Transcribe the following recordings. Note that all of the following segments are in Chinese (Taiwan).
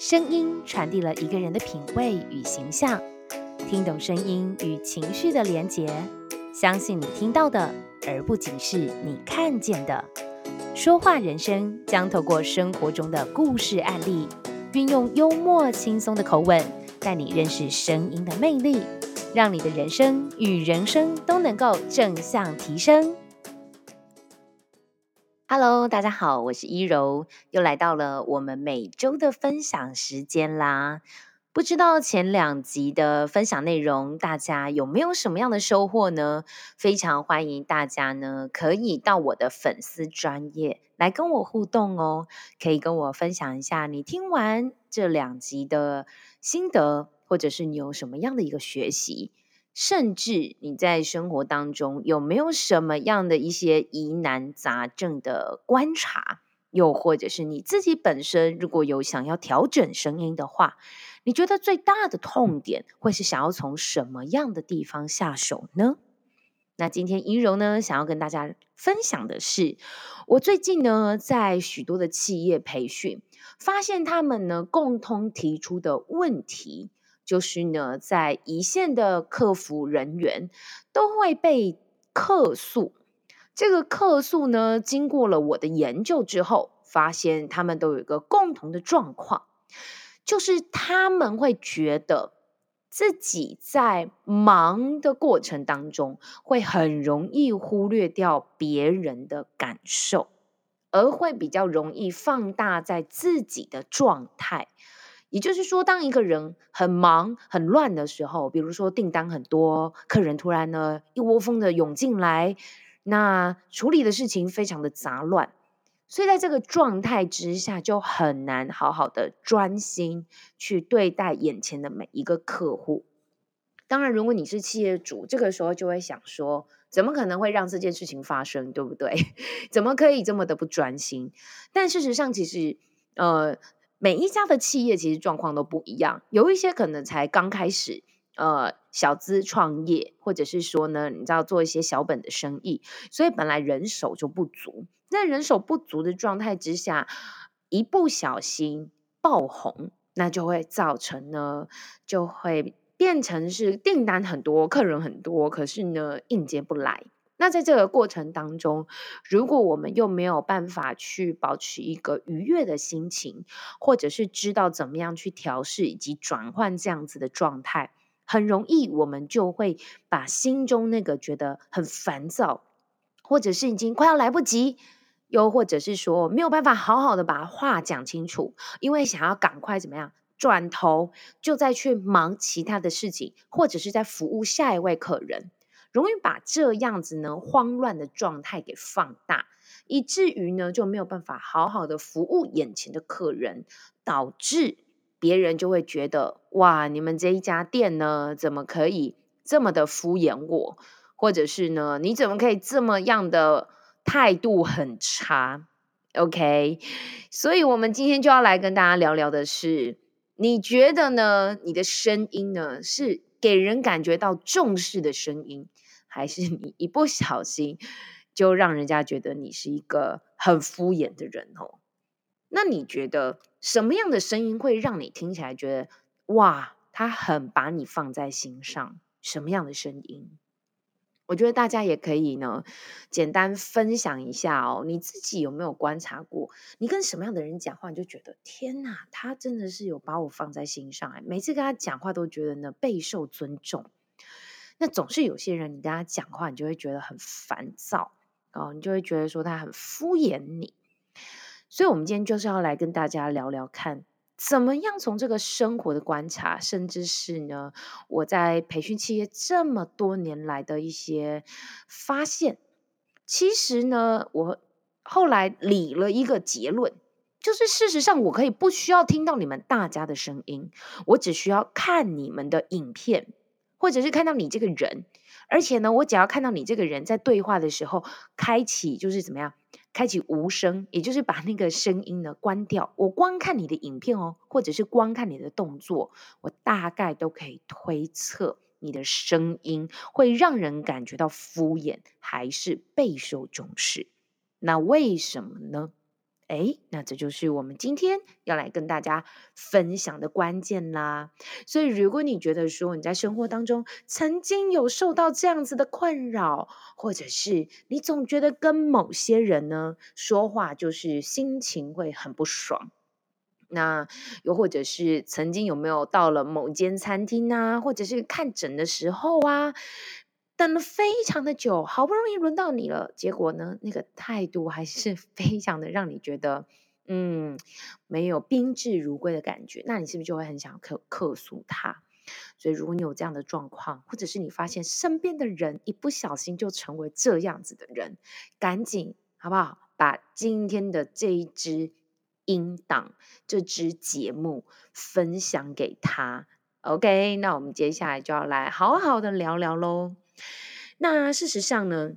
聲音傳遞了一個人的品味與形象，聽懂聲音與情緒的連接，相信你聽到的，而不僅是你看見的。說話人生將透過生活中的故事案例，運用幽默輕鬆的口吻，帶你認識聲音的魅力，讓你的人生與人生都能夠正向提升。Hello，大家好，我是依柔，又來到了我們每周的分享時間啦。不知道前兩集的分享內容，大家有沒有什麼樣的收穫呢？非常歡迎大家呢，可以到我的粉絲專頁來跟我互動哦，可以跟我分享一下你聽完這兩集的心得，或者是你有什麼樣的一個學習。甚至你在生活當中有沒有什麼樣的一些疑難雜症的觀察，又或者是你自己本身如果有想要調整聲音的話，你覺得最大的痛點會是想要從什麼樣的地方下手呢？那今天依柔呢，想要跟大家分享的是，我最近呢在許多的企業培訓，發現他們呢共同提出的問題。就是呢，在一線的客服人員都會被客訴。這個客訴呢，經過了我的研究之後，發現他們都有一個共同的狀況，就是他們會覺得自己在忙的過程當中，會很容易忽略掉別人的感受，而會比較容易放大在自己的狀態。也就是說，當一個人很忙、很亂的時候，比如說訂單很多，客人突然呢一窩蜂的湧進來，那處理的事情非常的雜亂，所以在這個狀態之下，就很難好好的專心去對待眼前的每一個客戶。當然，如果你是企業主，這個時候就會想說，怎麼可能會讓這件事情發生，對不對？怎麼可以這麼的不專心？但事實上，其實，呃。每一家的企業其實狀況都不一樣，有一些可能才剛開始，呃，小資創業，或者是說呢，你知道做一些小本的生意，所以本來人手就不足，那人手不足的狀態之下，一不小心爆紅，那就會造成呢，就會變成是訂單很多，客人很多，可是呢，應接不來。那在這個過程當中，如果我們又沒有辦法去保持一個愉悅的心情，或者是知道怎麼樣去調試以及轉換這樣子的狀態，很容易我們就會把心中那個覺得很煩躁，或者是已經快要來不及，又或者是說沒有辦法好好的把話講清楚，因為想要趕快怎麼樣，轉頭就再去忙其他的事情，或者是在服務下一位客人。容易把這樣子呢慌亂的狀態給放大，以至於呢就沒有辦法好好的服務眼前的客人，導致別人就會覺得哇，你們這一家店呢怎麼可以這麼的敷衍我，或者是呢你怎麼可以這麼樣的態度很差？OK，所以我們今天就要來跟大家聊聊的是，你覺得呢，你的聲音呢是？給人感覺到重視的聲音，還是你一不小心就讓人家覺得你是一個很敷衍的人哦？那你覺得什麼樣的聲音會讓你聽起來覺得哇，他很把你放在心上？什麼樣的聲音？我覺得大家也可以呢，簡單分享一下哦。你自己有沒有觀察過，你跟什麼樣的人講話，你就覺得天吶，他真的是有把我放在心上，每次跟他講話都覺得呢，備受尊重。那總是有些人，你跟他講話，你就會覺得很煩躁哦，你就會覺得說他很敷衍你。所以，我們今天就是要來跟大家聊聊看。怎麼樣從這個生活的觀察，甚至是呢，我在培訓企業這麼多年來的一些發現。其實呢，我後來理了一個結論，就是事實上我可以不需要聽到你們大家的聲音，我只需要看你們的影片，或者是看到你這個人。而且呢，我只要看到你這個人在對話的時候開啟，就是怎麼樣？開啟無聲，也就是把那個聲音呢關掉。我光看你的影片哦，或者是光看你的動作，我大概都可以推測你的聲音會讓人感覺到敷衍還是備受重視。那為什麼呢？誒，那這就是我們今天要來跟大家分享的關鍵啦。所以，如果你覺得說你在生活當中曾經有受到這樣子的困擾，或者是你總覺得跟某些人呢說話就是心情會很不爽，那又或者是曾經有沒有到了某間餐廳啊，或者是看診的時候啊。等了非常的久，好不容易輪到你了，結果呢，那個態度還是非常的讓你覺得，嗯，沒有賓至如歸的感覺。那你是不是就會很想客客訴他？所以如果你有這樣的狀況，或者是你發現身邊的人一不小心就成為這樣子的人，趕緊好不好？把今天的這一支音檔，這支節目分享給他。OK，那我們接下來就要來好好的聊聊嘍。那事實上呢，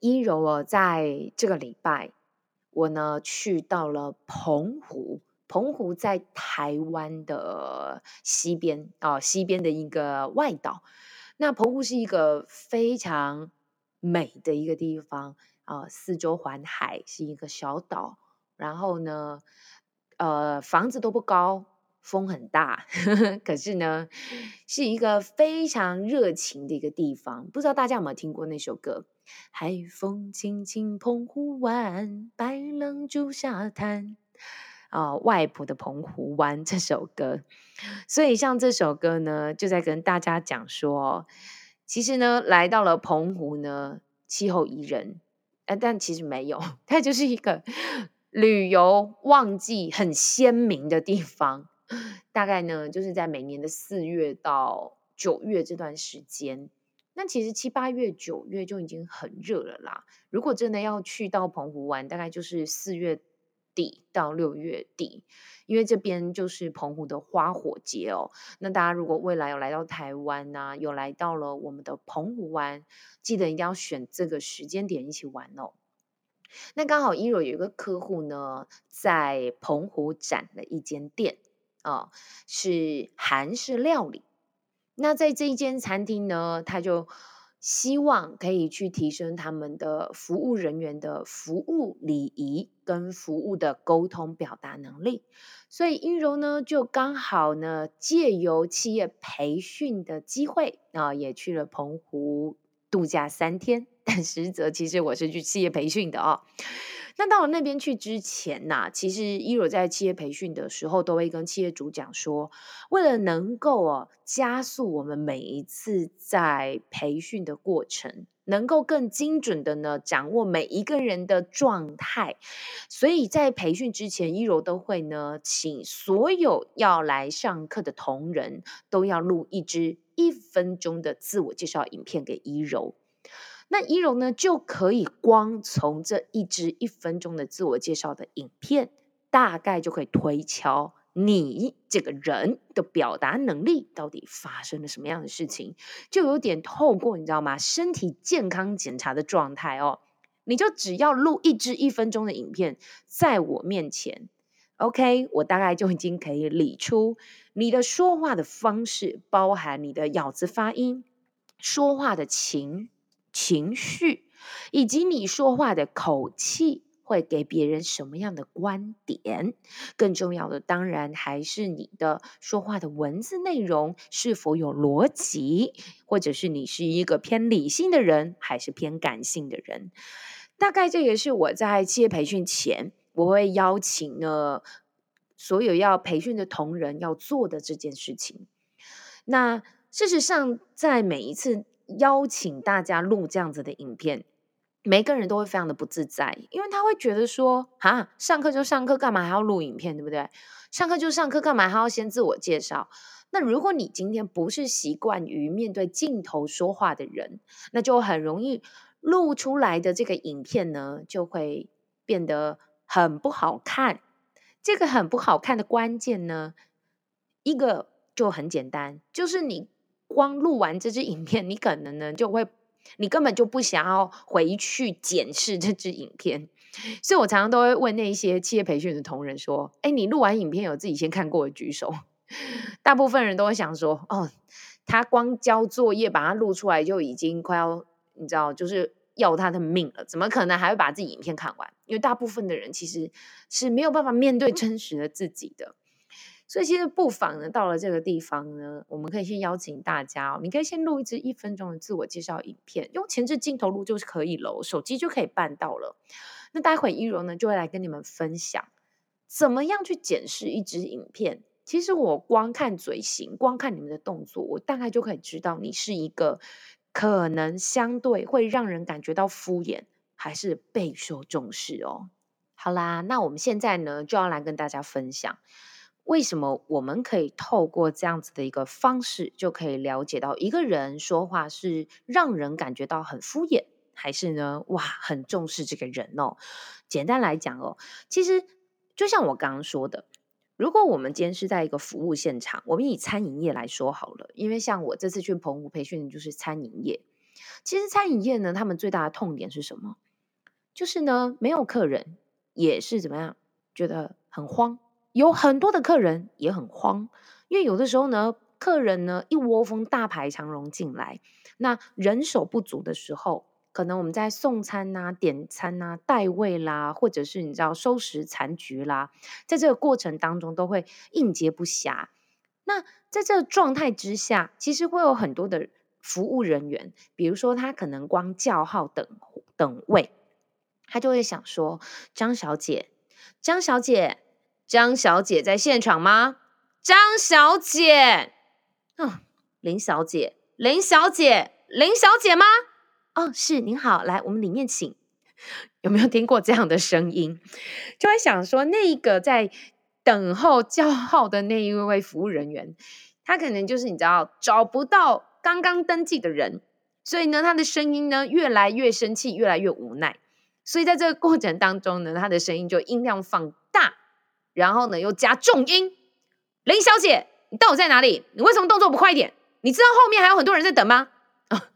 依柔我、哦、在這個禮拜，我呢去到了澎湖。澎湖在台灣的西邊哦，西邊的一個外島。那澎湖是一個非常美的一個地方啊、呃，四周環海，是一個小島。然後呢，呃，房子都不高。風很大呵呵，可是呢，是一個非常熱情的一個地方。不知道大家有沒有聽過那首歌《海風輕輕澎湖灣，白浪逐沙灘》啊、呃，外婆的澎湖灣這首歌。所以，像這首歌呢，就在跟大家講說，其實呢，來到了澎湖呢，氣候宜人。哎、呃，但其實沒有，它就是一個旅遊旺季很鮮明的地方。大概呢，就是在每年的四月到九月這段時間。那其實七八月、九月就已經很熱了啦。如果真的要去到澎湖灣，大概就是四月底到六月底，因為這邊就是澎湖的花火節哦。那大家如果未來有來到台灣吶、啊，有來到了我們的澎湖灣，記得一定要選這個時間點一起玩哦。那剛好依柔有一個客戶呢，在澎湖展了一間店。哦，是韓式料理。那在這間餐廳呢，他就希望可以去提升他們的服務人員的服務禮儀跟服務的溝通表達能力。所以依呢，依柔呢就剛好呢借由企業培訓的機會啊、哦，也去了澎湖度假三天。但實則其實我是去企業培訓的啊、哦。那到了那邊去之前呢、啊，其實依柔在企業培訓的時候，都會跟企業主講說，為了能夠哦、啊、加速我們每一次在培訓的過程，能夠更精準的呢掌握每一個人的狀態，所以在培訓之前，依柔都會呢請所有要來上課的同仁都要錄一支一分鐘的自我介紹影片給依柔。那依柔呢，就可以光從這一支一分鐘的自我介紹的影片，大概就可以推敲你這個人的表達能力到底發生了什麼樣的事情，就有點透過你知道嗎？身體健康檢查的狀態哦，你就只要錄一支一分鐘的影片在我面前，OK，我大概就已經可以理出你的說話的方式，包含你的咬字發音、說話的情。情緒，以及你說話的口氣會給別人什麼樣的觀點，更重要的，當然還是你的說話的文字內容是否有邏輯，或者是你是一個偏理性的人還是偏感性的人。大概這也是我在企業培訓前，我會邀請了所有要培訓的同仁要做的這件事情。那事實上，在每一次邀請大家錄這樣子的影片，每個人都會非常的不自在，因為他會覺得說哈、啊，上課就上課，幹嘛還要錄影片，對不對？上課就上課，幹嘛還要先自我介紹？那如果你今天不是習慣於面對鏡頭說話的人，那就很容易錄出來的這個影片呢，就會變得很不好看。這個很不好看的關鍵呢，一個就很簡單，就是你。光錄完這支影片，你可能呢就會，你根本就不想要回去檢視這支影片，所以我常常都會問那一些企業培訓的同仁說：“欸，你錄完影片有自己先看過的舉手？”大部分人都會想說：“哦，他光交作業把它錄出來就已經快要，你知道，就是要他的命了，怎麼可能還會把自己影片看完？因為大部分的人其實是沒有辦法面對真實的自己的。”所以其實不妨呢，到了這個地方呢，我們可以先邀請大家哦，你可以先錄一支一分鐘的自我介紹影片，用前置鏡頭錄就是可以嘍，手機就可以辦到了。那待會依柔呢，就會來跟你們分享，怎麼樣去檢視一支影片。其實我光看嘴型，光看你們的動作，我大概就可以知道你是一個可能相對會讓人感覺到敷衍，還是備受重視哦。好啦，那我們現在呢，就要來跟大家分享。為什麼我們可以透過這樣子的一個方式，就可以了解到一個人說話是讓人感覺到很敷衍，還是呢？哇，很重視這個人哦。簡單來講哦，其實就像我剛剛說的，如果我們今天是在一個服務現場，我們以餐飲業來說好了，因為像我這次去澎湖培訓就是餐飲業。其實餐飲業呢，他們最大的痛點是什麼？就是呢，沒有客人，也是怎麼樣，覺得很慌。有很多的客人也很慌，因為有的時候呢，客人呢一窩蜂大排長龍進來，那人手不足的時候，可能我們在送餐啊、點餐啊、帶位啦，或者是你知道收拾殘局啦，在這個過程當中都會應接不暇。那在這個狀態之下，其實會有很多的服務人員，比如說他可能光叫號等等位，他就會想說：“張小姐，張小姐。”張小姐在現場嗎？張小姐，啊、嗯，林小姐，林小姐，林小姐嗎？哦，是，您好，來，我們裡面請。有沒有聽過這樣的聲音？就會想說，那一個在等候叫號的那一位服務人員，他可能就是你知道找不到剛剛登記的人，所以呢，他的聲音呢越來越生氣，越來越無奈，所以在這個過程當中呢，他的聲音就音量放低。然後呢，又加重音，林小姐，你到底在哪裡？你為什麼動作不快一點？你知道後面還有很多人在等嗎？啊，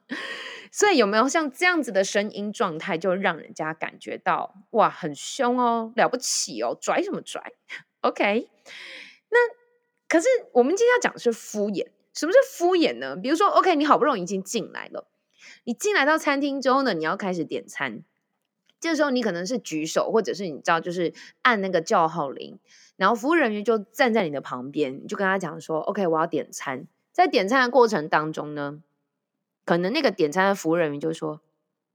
所以有沒有像這樣子的聲音狀態，就讓人家感覺到哇，很凶哦，了不起哦，拽什麼拽？OK？那可是我們今天要講的是敷衍。什麼是敷衍呢？比如說，OK，你好不容易已經進來了，你進來到餐廳之後呢，你要開始點餐。這時候你可能是舉手，或者是你知道，就是按那個叫號鈴，然後服務人員就站在你的旁邊，你就跟他講說：“OK，我要點餐。”在點餐的過程當中呢，可能那個點餐的服務人員就說：“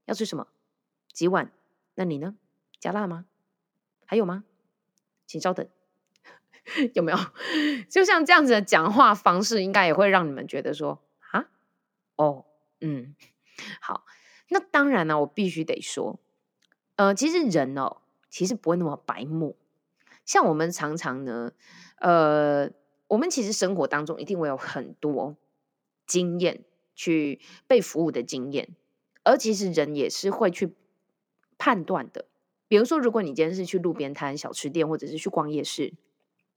要吃什麼？幾碗？那你呢？加辣嗎？還有嗎？請稍等。 ”有沒有？就像這樣子的講話方式，應該也會讓你們覺得說：“啊，哦，嗯，好。”那當然呢，我必須得說。呃，其實人哦，其實不會那麼白目。像我們常常呢，呃，我們其實生活當中一定會有很多經驗去被服務的經驗，而其實人也是會去判斷的。比如說，如果你今天是去路邊攤、小吃店，或者是去逛夜市，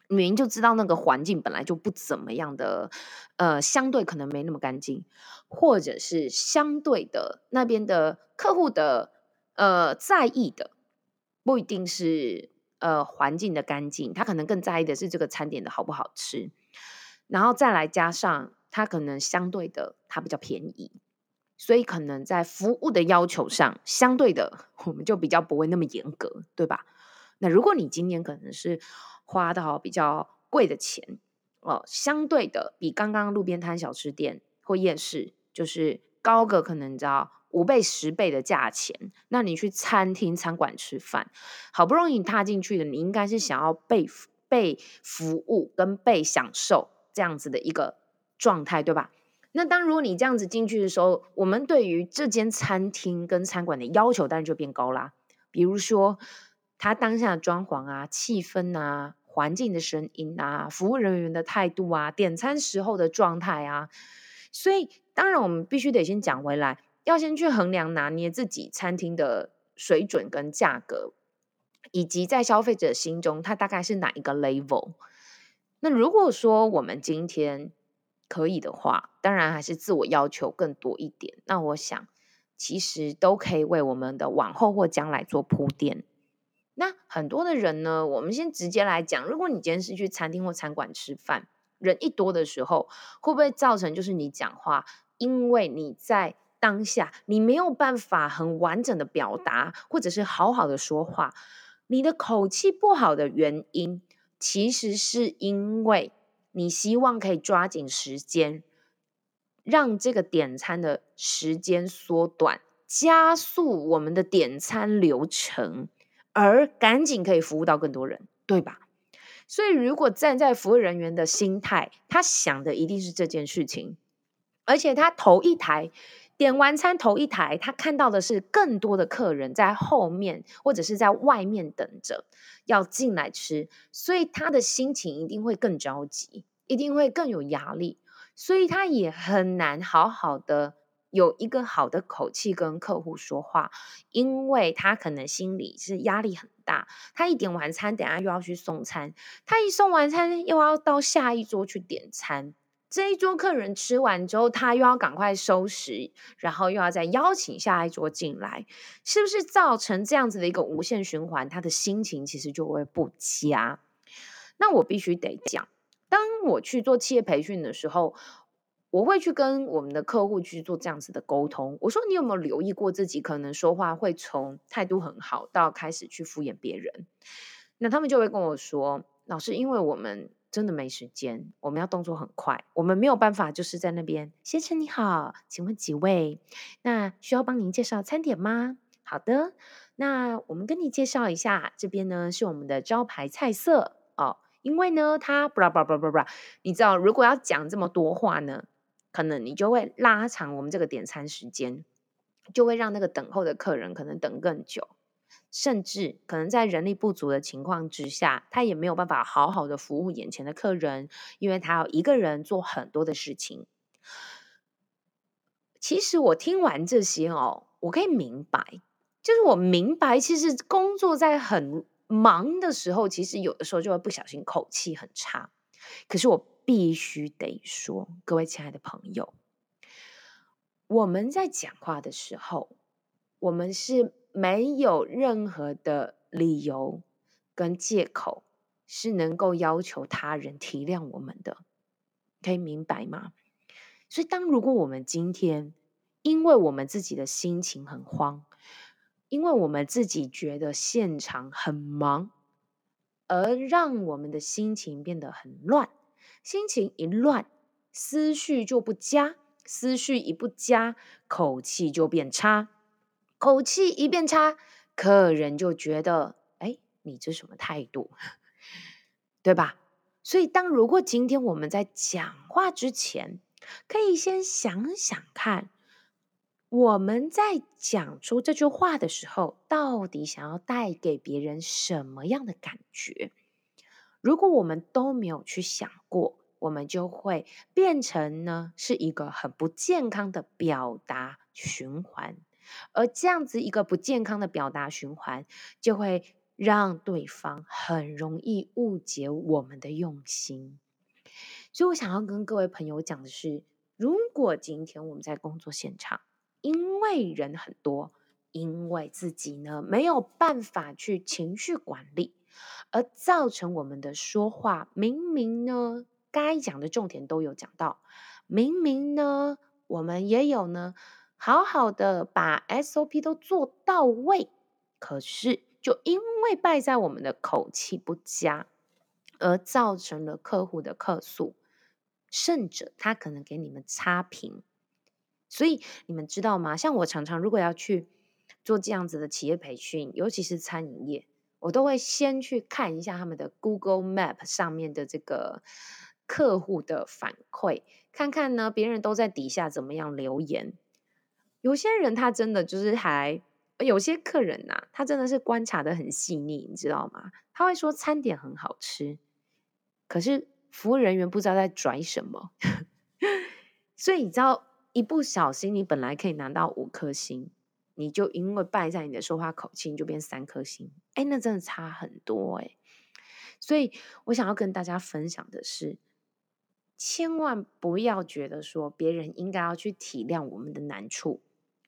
你明明就知道那個環境本來就不怎麼樣的，呃，相對可能沒那麼乾淨，或者是相對的那邊的客戶的。呃，在意的不一定是呃環境的乾淨，他可能更在意的是這個餐點的好不好吃，然後再來加上他可能相對的它比較便宜，所以可能在服務的要求上，相對的我們就比較不會那麼嚴格，對吧？那如果你今年可能是花到比較貴的錢哦，呃，相對的比剛剛路邊攤、小吃店或夜市就是高個，可能你知道。五倍十倍的價錢，那你去餐廳餐館吃飯，好不容易踏進去的，你應該是想要被被服務跟被享受這樣子的一個狀態，對吧？那當如果你這樣子進去的時候，我們對於這間餐廳跟餐館的要求當然就變高啦啊。比如說，它當下的裝潢啊、氣氛啊、環境的聲音啊、服務人員的態度啊、點餐時候的狀態啊，所以當然我們必須得先講回來。要先去衡量拿捏，自己餐廳的水準跟價格，以及在消費者心中它大概是哪一個 level。那如果說我們今天可以的話，當然還是自我要求更多一點。那我想，其實都可以為我們的往後或將來做鋪墊。那很多的人呢，我們先直接來講，如果你今天是去餐廳或餐館吃飯，人一多的時候，會不會造成就是你講話，因為你在當下你沒有辦法很完整的表達，或者是好好的說話，你的口氣不好的原因，其實是因為你希望可以抓緊時間，讓這個點餐的時間縮短，加速我們的點餐流程，而趕緊可以服務到更多人，對吧？所以如果站在服務人員的心態，他想的一定是這件事情，而且他頭一抬。點完餐頭一抬，他看到的是更多的客人在後面或者是在外面等着要進來吃，所以他的心情一定會更着急，一定會更有壓力，所以他也很難好好的有一個好的口氣跟客戶說話，因為他可能心裡是壓力很大。他一點完餐，等下又要去送餐，他一送完餐又要到下一桌去點餐。這一桌客人吃完之後，他又要趕快收拾，然後又要再邀請下一桌進來，是不是造成這樣子的一個無限循環？他的心情其實就會不佳。那我必須得講，當我去做企業培訓的時候，我會去跟我們的客戶去做這樣子的溝通。我說：“你有沒有留意過自己可能說話會從態度很好到開始去敷衍別人？”那他們就會跟我說：“老師，因為我們。”真的沒時間，我們要動作很快，我們沒有辦法就是在那邊。先生你好，請問幾位？那需要幫您介紹餐點嗎？好的，那我們跟你介紹一下，這邊呢是我們的招牌菜色哦。因為呢，它巴拉巴拉巴拉巴拉，你知道，如果要講這麼多話呢，可能你就會拉長我們這個點餐時間，就會讓那個等候的客人可能等更久。甚至可能在人力不足的情況之下，他也沒有辦法好好的服務眼前的客人，因為他要一個人做很多的事情。其實我聽完這些哦，我可以明白，就是我明白，其實工作在很忙的時候，其實有的時候就會不小心口氣很差。可是我必須得說，各位親愛的朋友，我們在講話的時候，我們是，沒有任何的理由跟借口是能夠要求他人體諒我們的，可以明白嗎？所以，當如果我們今天因為我們自己的心情很慌，因為我們自己覺得現場很忙，而讓我們的心情變得很亂，心情一亂，思緒就不佳，思緒一不佳，口氣就變差。口氣一變差，客人就覺得：“哎，你這什麼態度？” 對吧？所以，當如果今天我們在講話之前，可以先想想看，我們在講出這句話的時候，到底想要帶給別人什麼樣的感覺？如果我們都沒有去想過，我們就會變成呢，是一個很不健康的表達循環。而這樣子一個不健康的表達循環，就會讓對方很容易誤解我們的用心。所以我想要跟各位朋友講的是，如果今天我們在工作現場，因為人很多，因為自己呢沒有辦法去情緒管理，而造成我們的說話，明明呢該講的重點都有講到，明明呢我們也有呢。好好的把 SOP 都做到位，可是就因為敗在我們的口氣不佳，而造成了客戶的客訴，甚至他可能給你們差評。所以你們知道嗎？像我常常如果要去做這樣子的企業培訓，尤其是餐飲業，我都會先去看一下他們的 Google Map 上面的這個客戶的反饋，看看呢，別人都在底下怎麼樣留言。有些人他真的就是還有些客人吶、啊，他真的是觀察得很細膩，你知道嗎？他會說餐點很好吃，可是服務人員不知道在拽什麼， 所以你知道，一不小心，你本來可以拿到五顆星，你就因為敗在你的說話口氣，就變三顆星。哎，那真的差很多哎、欸。所以我想要跟大家分享的是，千萬不要覺得說別人應該要去體諒我們的難處。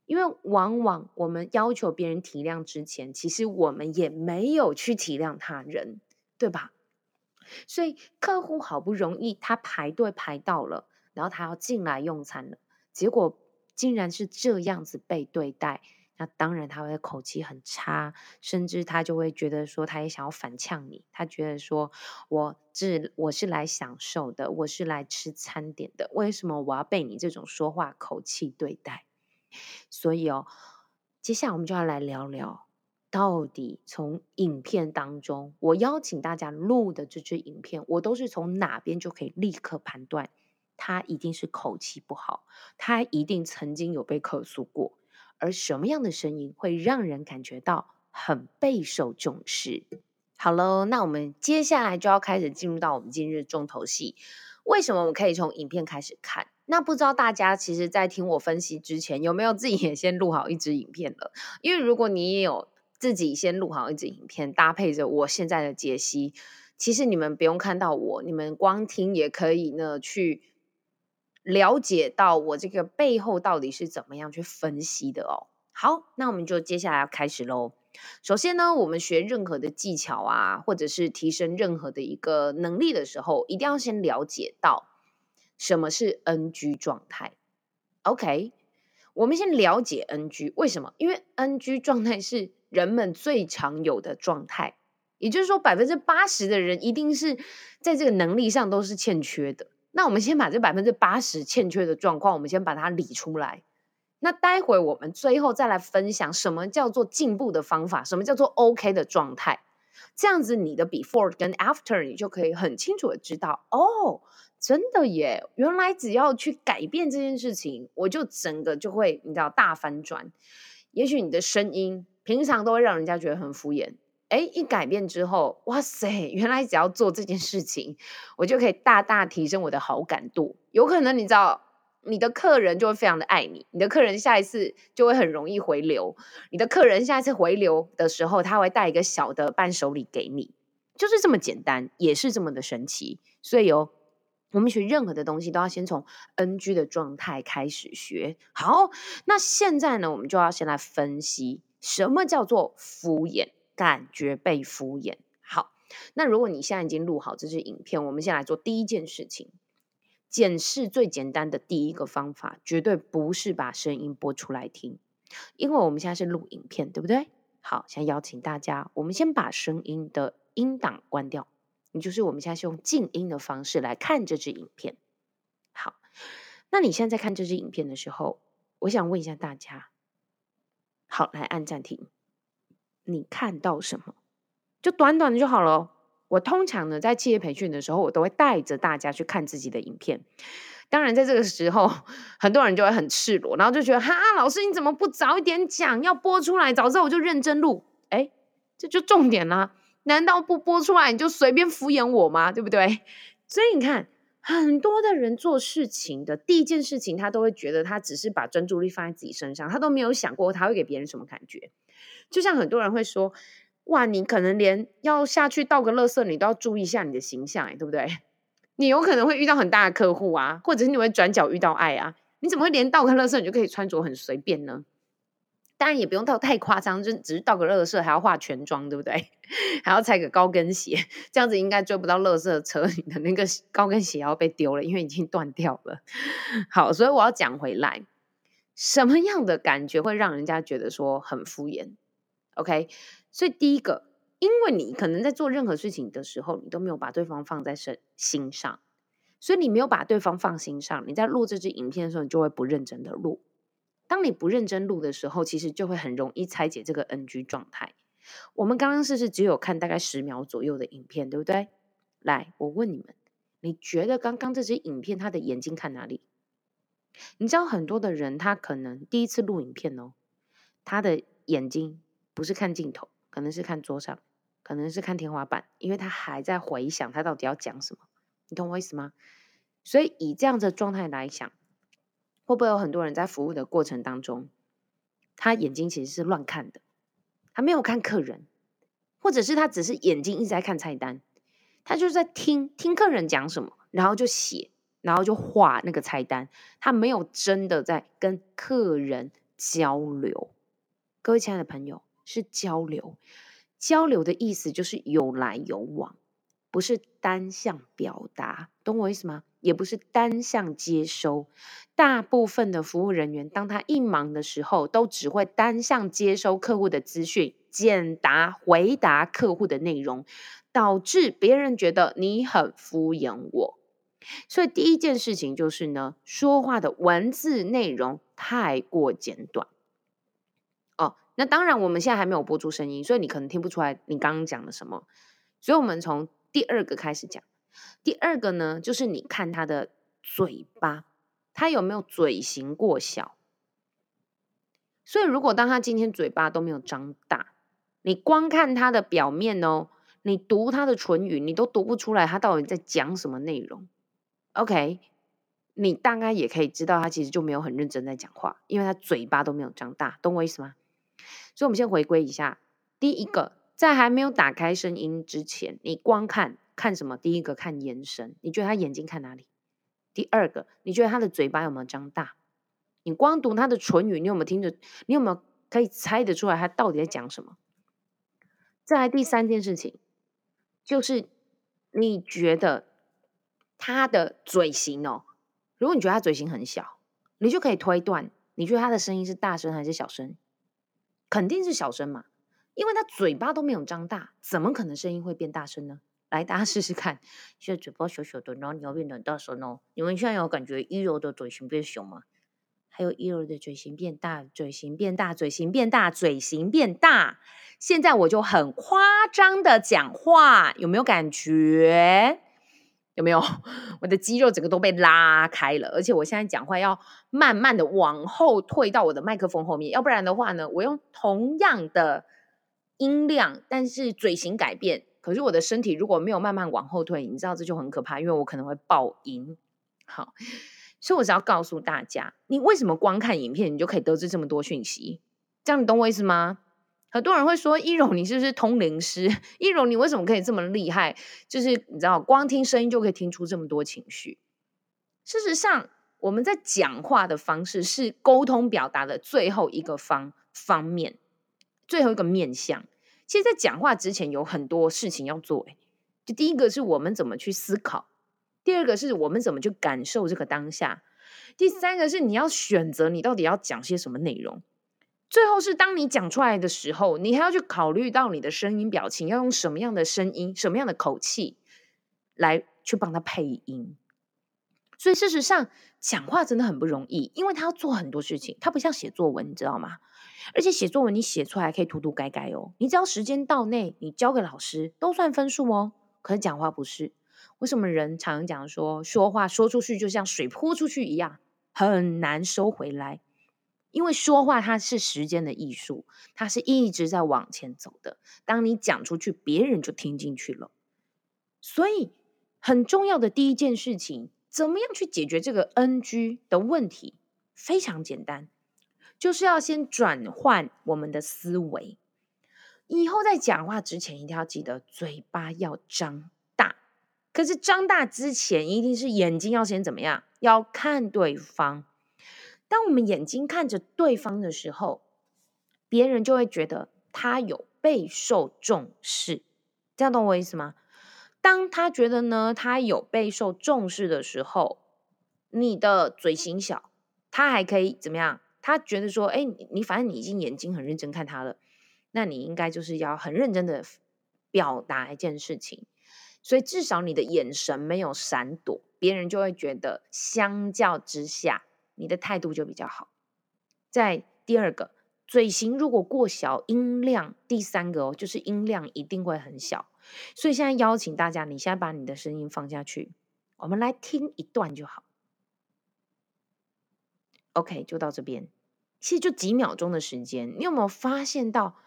因為往往我們要求別人體諒之前，其實我們也沒有去體諒他人，對吧？所以客戶好不容易他排隊排到了，然後他要進來用餐了，結果竟然是這樣子被對待，那當然他會口氣很差，甚至他就會覺得說他也想要反嗆你，他覺得說我是我是來享受的，我是來吃餐點的，為什麼我要被你這種說話口氣對待？所以哦，接下來我們就要來聊聊，到底從影片當中，我邀請大家錄的這支影片，我都是從哪邊就可以立刻判斷，他一定是口氣不好，他一定曾經有被客訴過。而什麼樣的聲音會讓人感覺到很備受重視？好嘍，那我們接下來就要開始進入到我們今日重頭戲，為什麼我們可以從影片開始看？那不知道大家其實在聽我分析之前，有沒有自己也先錄好一支影片了？因為如果你也有自己先錄好一支影片，搭配着我現在的解析，其實你們不用看到我，你們光聽也可以呢，去了解到我這個背後到底是怎麼樣去分析的哦。好，那我們就接下來要開始嘍。首先呢，我們學任何的技巧啊，或者是提升任何的一個能力的時候，一定要先了解到。什麼是 NG 狀態？OK，我們先了解 NG，為什麼？因為 NG 狀態是人們最常有的狀態，也就是說，百分之八十的人一定是在這個能力上都是欠缺的。那我們先把這百分之八十欠缺的狀況，我們先把它理出來。那待會我們最後再來分享什麼叫做進步的方法，什麼叫做 OK 的狀態。這樣子，你的 Before 跟 After，你就可以很清楚的知道哦。真的耶！原來只要去改變這件事情，我就整個就會你知道大翻轉。也許你的聲音平常都會讓人家覺得很敷衍，誒一改變之後，哇塞！原來只要做這件事情，我就可以大大提升我的好感度。有可能你知道，你的客人就會非常的愛你，你的客人下一次就會很容易回流。你的客人下一次回流的時候，他會帶一個小的伴手禮給你，就是這麼簡單，也是這麼的神奇。所以有。我們學任何的東西，都要先從 NG 的狀態開始學。好，那現在呢，我們就要先來分析什麼叫做敷衍，感覺被敷衍。好，那如果你現在已經錄好這支影片，我們先來做第一件事情，檢視最簡單的第一個方法，絕對不是把聲音播出來聽，因為我們現在是錄影片，對不對？好，先邀請大家，我們先把聲音的音檔關掉。你就是我們現在是用靜音的方式來看這支影片。好，那你現在在看這支影片的時候，我想問一下大家。好，來按暫停。你看到什麼？就短短的就好了哦。我通常呢，在企業培訓的時候，我都會帶着大家去看自己的影片。當然，在這個時候，很多人就會很赤裸，然後就覺得哈，老師，你怎麼不早一點講？要播出來，早知道我就認真錄。誒，這就重點啦。難道不播出來你就隨便敷衍我嗎？對不對？所以你看，很多的人做事情的第一件事情，他都會覺得他只是把專注力放在自己身上，他都沒有想過他會給別人什麼感覺。就像很多人會說：“哇，你可能連要下去倒個垃圾，你都要注意一下你的形象，欸，哎，對不對？你有可能會遇到很大的客戶啊，或者是你會轉角遇到愛啊，你怎麼會連倒個垃圾，你就可以穿着很隨便呢？”當然也不用到太誇張，就只是倒個垃圾，還要化全妝，對不對？還要踩個高跟鞋，這樣子應該追不到垃圾車。你的那個高跟鞋要被丟了，因為已經斷掉了。好，所以我要講回來，什麼樣的感覺會讓人家覺得說很敷衍？OK，所以第一個，因為你可能在做任何事情的時候，你都沒有把對方放在心上，所以你沒有把對方放心上。你在錄這支影片的時候，你就會不認真的錄。當你不認真錄的時候，其實就會很容易拆解這個 NG 狀態。我們剛剛是不是只有看大概十秒左右的影片，對不對？來，我問你們，你覺得剛剛這支影片他的眼睛看哪裡？你知道很多的人他可能第一次錄影片哦，他的眼睛不是看鏡頭，可能是看桌上，可能是看天花板，因為他還在回想他到底要講什麼。你懂我意思嗎？所以以這樣的狀態來想。會不會有很多人在服務的過程當中，他眼睛其實是亂看的，他沒有看客人，或者是他只是眼睛一直在看菜單，他就是在聽聽客人講什麼，然後就寫，然後就畫那個菜單，他沒有真的在跟客人交流。各位親愛的朋友，是交流，交流的意思就是有來有往，不是單向表達，懂我意思嗎？也不是單向接收，大部分的服務人員，當他一忙的時候，都只會單向接收客戶的資訊，簡答回答客戶的內容，導致別人覺得你很敷衍我。所以第一件事情就是呢，說話的文字內容太過簡短。哦，那當然我們現在還沒有播出聲音，所以你可能聽不出來你剛剛講的什麼。所以我們從第二個開始講。第二個呢，就是你看他的嘴巴，他有沒有嘴型過小？所以如果當他今天嘴巴都沒有張大，你光看他的表面哦，你讀他的唇語，你都讀不出來他到底在講什麼內容。OK，你大概也可以知道他其實就沒有很認真在講話，因為他嘴巴都沒有張大，懂我意思嗎？所以，我們先回歸一下，第一個，在還沒有打開聲音之前，你光看。看什麼？第一個看眼神，你覺得他眼睛看哪裡？第二個，你覺得他的嘴巴有沒有張大？你光讀他的唇語，你有沒有聽着？你有沒有可以猜得出來他到底在講什麼？再來第三件事情，就是你覺得他的嘴型哦，如果你覺得他嘴型很小，你就可以推斷，你覺得他的聲音是大聲還是小聲？肯定是小聲嘛，因為他嘴巴都沒有張大，怎麼可能聲音會變大聲呢？來，大家試試看，現在嘴巴小小的，然後你要變大聲哦。你們現在有感覺依柔的嘴型變小嗎？還有依柔的嘴型變大，嘴型變大，嘴型變大，嘴型變大。現在我就很誇張的講話，有沒有感覺？有沒有？我的肌肉整個都被拉開了，而且我現在講話要慢慢的往後退到我的麥克風後面，要不然的話呢，我用同樣的音量，但是嘴型改變。可是我的身體如果沒有慢慢往後退，你知道這就很可怕，因為我可能會爆音。好，所以我只要告訴大家，你為什麼光看影片，你就可以得知這麼多訊息？這樣你懂我意思嗎？很多人會說：依柔，你是不是通靈師？依柔，你為什麼可以這麼厲害？就是你知道，光聽聲音就可以聽出這麼多情緒。事實上，我們在講話的方式是溝通表達的最後一個方方面，最後一個面向。其實，在講話之前有很多事情要做，哎，就第一個是我們怎麼去思考，第二個是我們怎麼去感受這個當下，第三個是你要選擇你到底要講些什麼內容，最後是當你講出來的時候，你還要去考慮到你的聲音、表情，要用什麼樣的聲音、什麼樣的口氣來去幫他配音。所以事實上，講話真的很不容易，因為他要做很多事情，他不像寫作文，你知道嗎？而且寫作文你寫出來可以塗塗改改哦，你只要時間到內，你交給老師都算分數哦。可是講話不是，為什麼人常常講說說話說出去就像水潑出去一樣，很難收回來？因為說話它是時間的藝術，它是一直在往前走的。當你講出去，別人就聽進去了。所以很重要的第一件事情。怎麼樣去解決這個 NG 的問題？非常簡單，就是要先轉換我們的思維。以後在講話之前，一定要記得嘴巴要張大，可是張大之前，一定是眼睛要先怎麼樣？要看對方。當我們眼睛看着對方的時候，別人就會覺得他有備受重視。這樣懂我意思嗎？當他覺得呢，他有備受重視的時候，你的嘴型小，他還可以怎麼樣？他覺得說，哎，你反正你已經眼睛很認真看他了，那你應該就是要很認真的表達一件事情，所以至少你的眼神沒有閃躲，別人就會覺得相較之下，你的態度就比較好。再第二個，嘴型如果過小，音量；第三個哦，就是音量一定會很小。所以現在邀請大家，你現在把你的聲音放下去，我們來聽一段就好。OK，就到這邊，其實就幾秒鐘的時間。你有沒有發現到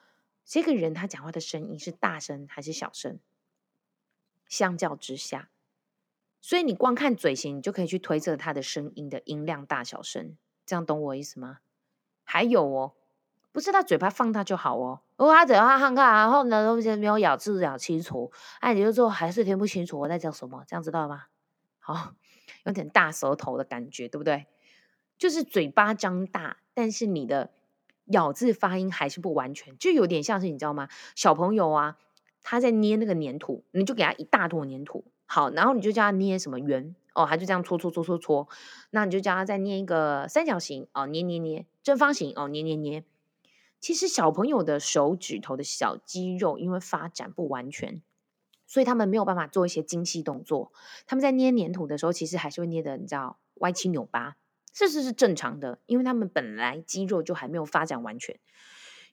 這個人他講話的聲音是大聲還是小聲？相較之下，所以你光看嘴型，你就可以去推測他的聲音的音量大小聲。這樣懂我意思嗎？還有哦。不是他嘴巴放大就好哦，如果他嘴巴放大，然後呢，東西沒有咬字咬清楚，哎，你就說還是聽不清楚我在講什麼，這樣知道嗎？好，有點大舌頭的感覺，對不對？就是嘴巴張大，但是你的咬字發音還是不完全，就有點像是你知道嗎？小朋友啊，他在捏那個粘土，你就給他一大坨粘土，好，然後你就叫他捏什麼圓，哦，他就這樣搓搓搓搓搓，那你就叫他再捏一個三角形，哦，捏捏捏捏，正方形，哦，捏捏捏捏。其實小朋友的手指頭的小肌肉，因為發展不完全，所以他們沒有辦法做一些精細動作。他們在捏粘土的時候，其實還是會捏得，你知道歪七扭八，這事是正常的，因為他們本來肌肉就還沒有發展完全。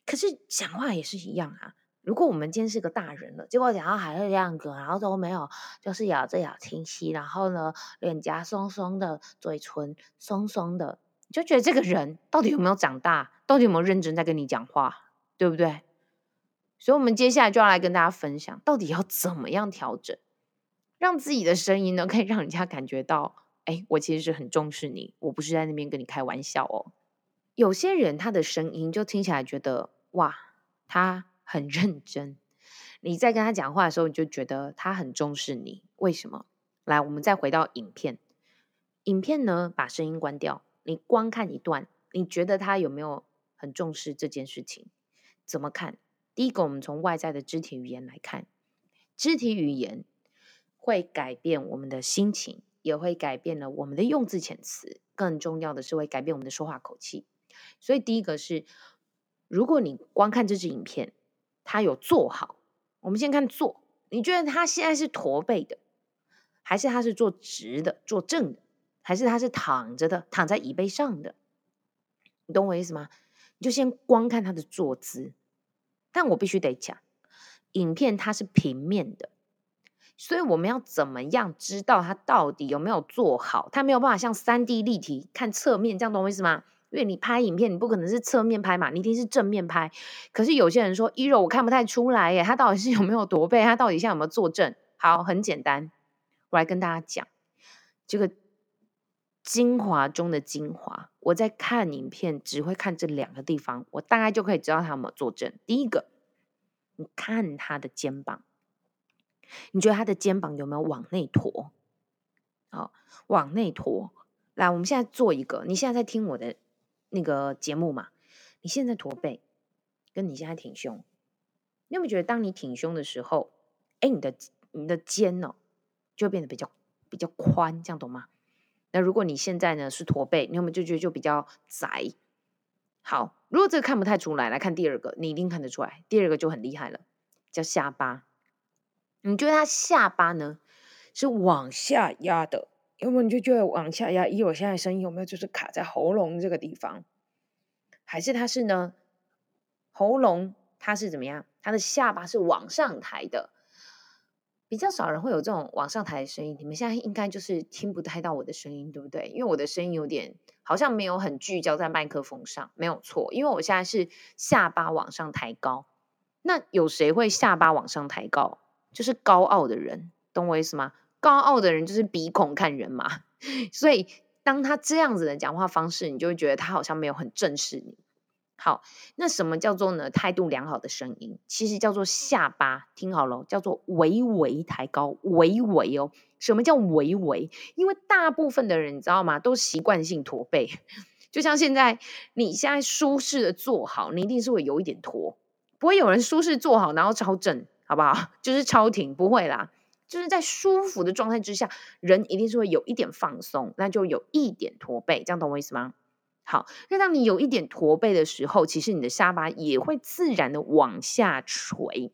可是講話也是一樣啊，如果我們今天是個大人了，結果講到還是這樣子，然後都沒有，就是咬字咬清晰，然後呢，臉頰鬆鬆的，嘴唇鬆鬆的。你就覺得這個人到底有沒有長大？到底有沒有認真在跟你講話？對不對？所以，我們接下來就要來跟大家分享，到底要怎麼樣調整，讓自己的聲音呢，可以讓人家感覺到，哎，我其實是很重視你，我不是在那邊跟你開玩笑哦。有些人他的聲音就聽起來覺得哇，他很認真。你在跟他講話的時候，你就覺得他很重視你。為什麼？來，我們再回到影片，影片呢，把聲音關掉。你光看一段，你覺得他有沒有很重視這件事情？怎麼看？第一個，我們從外在的肢體語言來看，肢體語言會改變我們的心情，也會改變了我們的用字遣詞。更重要的是，會改變我們的說話口氣。所以，第一個是，如果你光看這支影片，他有坐好，我們先看坐。你覺得他現在是駝背的，還是他是坐直的、坐正的？還是他是躺着的，躺在椅背上的，你懂我意思嗎？你就先光看他的坐姿。但我必須得講，影片它是平面的，所以我們要怎麼樣知道他到底有沒有坐好？他沒有辦法像三 D 立體看側面，這樣懂我意思嗎？因為你拍影片，你不可能是側面拍嘛，你一定是正面拍。可是有些人說，依柔我看不太出來耶，他到底是有沒有駝背？他到底現在有沒有坐正？好，很簡單，我來跟大家講這個。精華中的精華，我在看影片，只會看這兩個地方，我大概就可以知道他有沒有坐正。第一個，你看他的肩膀，你覺得他的肩膀有沒有往內駝？好、哦，往內駝。來，我們現在做一個，你現在在聽我的那個節目嘛？你現在駝背，跟你現在挺胸，你有沒有覺得，當你挺胸的時候，哎、欸，你的你的肩呢、哦，就變得比較比較寬，這樣懂嗎？那如果你現在呢是駝背，你有沒有就覺得就比較窄？好，如果這個看不太出來，來看第二個，你一定看得出來。第二個就很厲害了，叫下巴。你覺得他下巴呢是往下壓的，要麼你就覺得往下壓，因我現在聲音有沒有就是卡在喉嚨這個地方？還是他是呢？喉嚨他是怎麼樣？他的下巴是往上抬的。比較少人會有這種往上抬的聲音，你們現在應該就是聽不太到我的聲音，對不對？因為我的聲音有點好像沒有很聚焦在麥克風上，沒有錯，因為我現在是下巴往上抬高。那有誰會下巴往上抬高？就是高傲的人，懂我意思嗎？高傲的人就是鼻孔看人嘛，所以當他這樣子的講話方式，你就會覺得他好像沒有很正視你。好，那什麼叫做呢？態度良好的聲音，其實叫做下巴，聽好了，叫做微微抬高，微微哦。什麼叫微微？因為大部分的人你知道嗎？都習慣性駝背， 就像現在你現在舒適的坐好，你一定是會有一點駝，不會有人舒適坐好然後超正，好不好？就是超挺，不會啦，就是在舒服的狀態之下，人一定是會有一點放鬆，那就有一點駝背，這樣懂我意思嗎？好，那當你有一點駝背的時候，其實你的下巴也會自然的往下垂，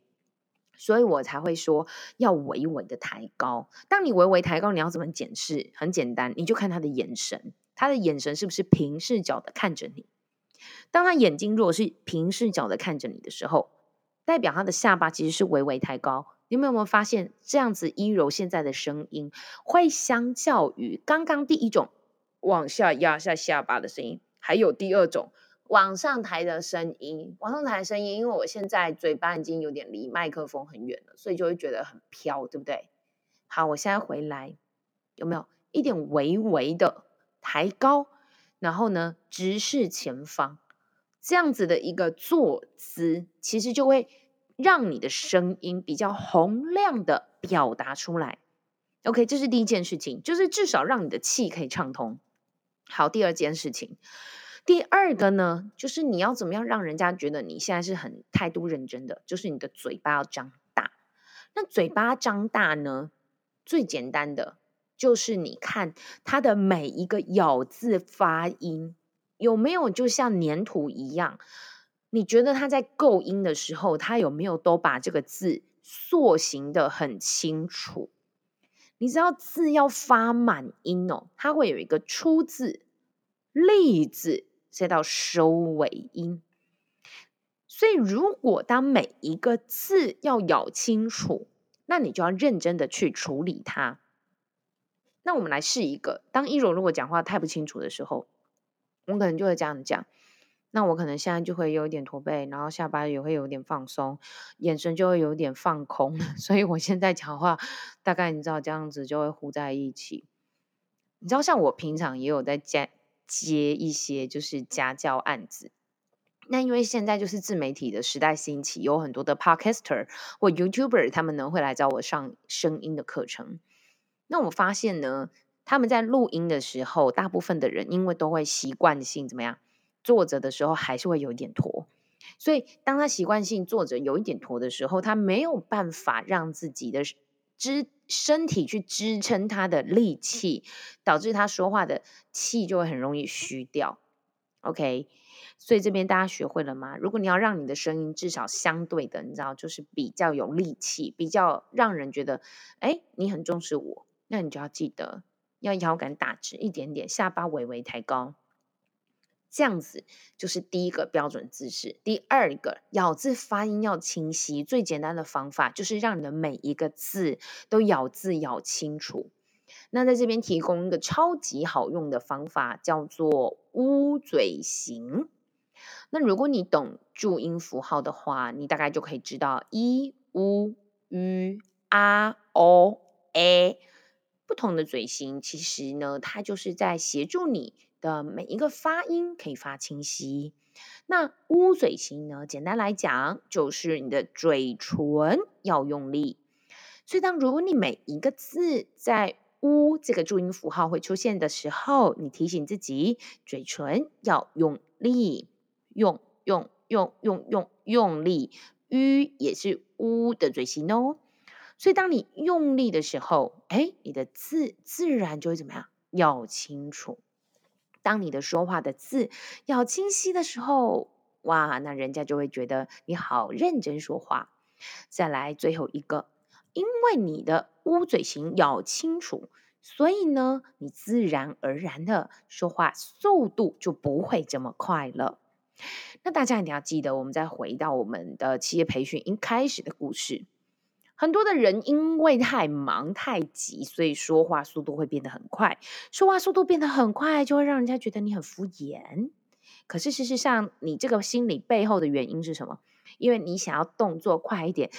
所以我才會說要微微的抬高。當你微微抬高，你要怎麼檢視？很簡單，你就看他的眼神，他的眼神是不是平視角的看着你？當他眼睛如果是平視角的看着你的時候，代表他的下巴其實是微微抬高。你們有沒有發現這樣子？依柔現在的聲音會相較於剛剛第一種。往下壓下下巴的聲音，還有第二種往上抬的聲音。往上抬聲音，因為我現在嘴巴已經有點離麥克風很遠了，所以就會覺得很飄，對不對？好，我現在回來，有沒有一點微微的抬高，然後呢，直視前方，這樣子的一個坐姿，其實就會讓你的聲音比較洪亮的表達出來。OK，這是第一件事情，就是至少讓你的氣可以暢通。好，第二件事情，第二個呢，就是你要怎麼樣讓人家覺得你現在是很態度認真的，就是你的嘴巴要張大。那嘴巴張大呢，最簡單的就是你看他的每一個咬字發音，有沒有就像粘土一樣，你覺得他在構音的時候，他有沒有都把這個字塑形的很清楚？你知道字要發滿音哦，它會有一個出字、例字，再到收尾音。所以，如果當每一個字要咬清楚，那你就要認真的去處理它。那我們來試一個，當依柔，如果講話太不清楚的時候，我可能就會這樣講。那我可能現在就會有一點駝背，然後下巴也會有點放鬆，眼神就會有點放空，所以我現在講話大概你知道這樣子就會糊在一起。你知道，像我平常也有在接接一些就是家教案子,那因為現在就是自媒體的時代興起，有很多的 podcaster 或 YouTuber 他們呢會來找我上聲音的課程。那我發現呢，他們在錄音的時候，大部分的人因為都會習慣性怎麼樣？坐着的時候還是會有一點駝，所以當他習慣性坐着有一點駝的時候，他沒有辦法讓自己的支身體去支撐他的力氣，導致他說話的氣就會很容易虛掉。OK，所以這邊大家學會了嗎？如果你要讓你的聲音至少相對的，你知道就是比較有力氣，比較讓人覺得哎、欸、你很重視我，那你就要記得要腰桿打直一點點，下巴微微抬高。這樣子就是第一個標準姿勢。第二個，咬字發音要清晰。最簡單的方法就是讓你的每一個字都咬字咬清楚。那在這邊提供一個超級好用的方法，叫做烏嘴型。那如果你懂注音符號的話，你大概就可以知道一烏於啊 o a 不同的嘴型，其實呢，它就是在協助你。的每一個發音可以發清晰，那烏嘴型呢？簡單來講，就是你的嘴唇要用力。所以，當如果你每一個字在“嗚”這個注音符號會出現的時候，你提醒自己嘴唇要用力，用用用用用用力。“吁”也是“嗚”的嘴型哦。所以，當你用力的時候，哎，你的字自然就會怎麼樣？要清楚。當你的說話的字要清晰的時候，哇，那人家就會覺得你好認真說話。再來最後一個，因為你的烏嘴型要清楚，所以呢，你自然而然的說話速度就不會這麼快了。那大家一定要記得，我們再回到我們的企業培訓一開始的故事。很多的人因為太忙太急，所以說話速度會變得很快。說話速度變得很快，就會讓人家覺得你很敷衍。可是事實上，你這個心理背後的原因是什麼？因為你想要動作快一點，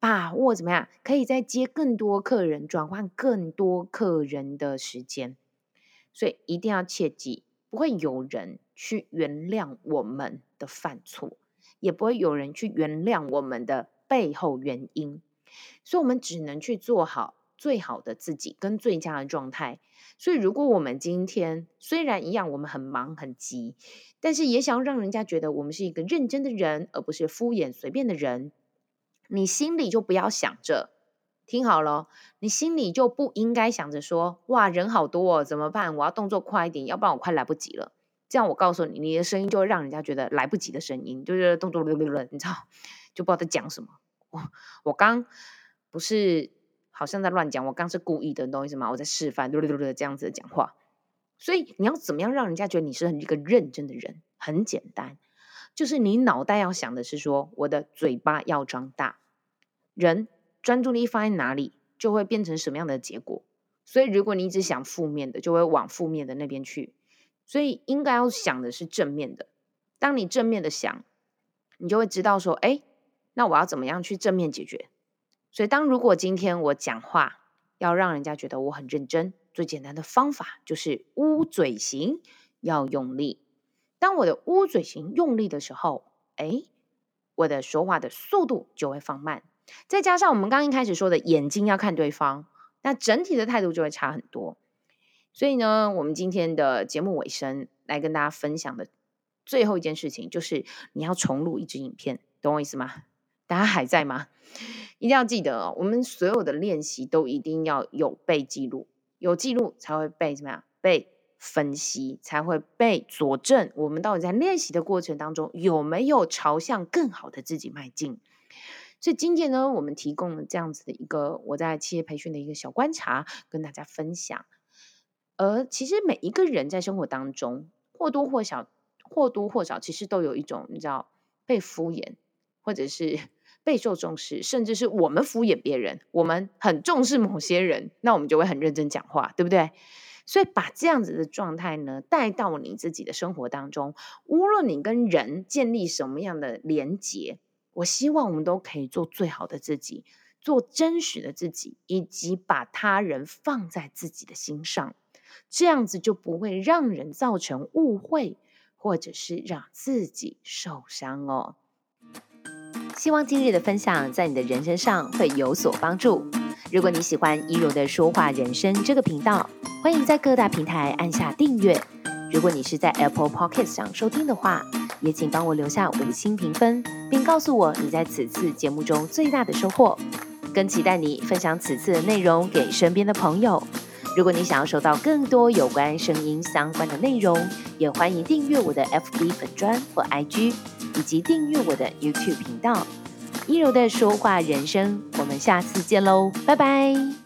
把握怎麼樣，可以再接更多客人，轉換更多客人的時間。所以一定要切記，不會有人去原諒我們的犯錯，也不會有人去原諒我們的背後原因。所以，我們只能去做好最好的自己跟最佳的狀態。所以，如果我們今天雖然一樣，我們很忙很急，但是也想要讓人家覺得我們是一個認真的人，而不是敷衍隨便的人。你心裡就不要想着，聽好了，你心裡就不應該想着說：哇，人好多哦，怎麼辦？我要動作快一點，要不然我快來不及了。這樣，我告訴你，你的聲音就會讓人家覺得來不及的聲音，就是動作溜溜溜，你知道，就不知道在講什麼。我我剛不是好像在亂講，我剛是故意的，懂我意思嗎？我在示範，嘟嘟嘟嘟這樣子的講話。所以你要怎麼樣讓人家覺得你是很一個認真的人？很簡單，就是你腦袋要想的是說，我的嘴巴要張大，人專注力放在哪裡，就會變成什麼樣的結果。所以如果你一直想負面的，就會往負面的那邊去。所以應該要想的是正面的。當你正面的想，你就會知道說，哎。那我要怎麼樣去正面解決？所以，當如果今天我講話要讓人家覺得我很認真，最簡單的方法就是烏嘴型要用力。當我的烏嘴型用力的時候，誒，我的說話的速度就會放慢。再加上我們剛一開始說的眼睛要看對方，那整體的態度就會差很多。所以呢，我們今天的節目尾聲來跟大家分享的最後一件事情，就是你要重錄一支影片，懂我意思嗎？大家還在嗎？一定要記得哦，我們所有的練習都一定要有被記錄，有記錄才會被怎麼樣？被分析，才會被佐證。我們到底在練習的過程當中有沒有朝向更好的自己邁進？所以今天呢，我們提供了這樣子的一個我在企業培訓的一個小觀察，跟大家分享。而，呃，其實每一個人在生活當中或多或少、或多或少，其實都有一種你知道被敷衍，或者是。備受重視，甚至是我們敷衍別人。我們很重視某些人，那我們就會很認真講話，對不對？所以把這樣子的狀態呢帶到你自己的生活當中，無論你跟人建立什麼樣的連結，我希望我們都可以做最好的自己，做真實的自己，以及把他人放在自己的心上，這樣子就不會讓人造成誤會，或者是讓自己受傷哦。希望今日的分享在你的人生上會有所幫助。如果你喜歡依柔的說話人生這個頻道，歡迎在各大平台按下訂閱。如果你是在 Apple Podcast 上收聽的話，也請幫我留下五星評分，並告訴我你在此次節目中最大的收穫。更期待你分享此次的內容給身邊的朋友。如果你想要收到更多有關聲音相關的內容，也歡迎訂閱我的 FB 粉專或 IG。以及訂閱我的 YouTube 頻道“依柔的說話人生”，我們下次見嘍，拜拜。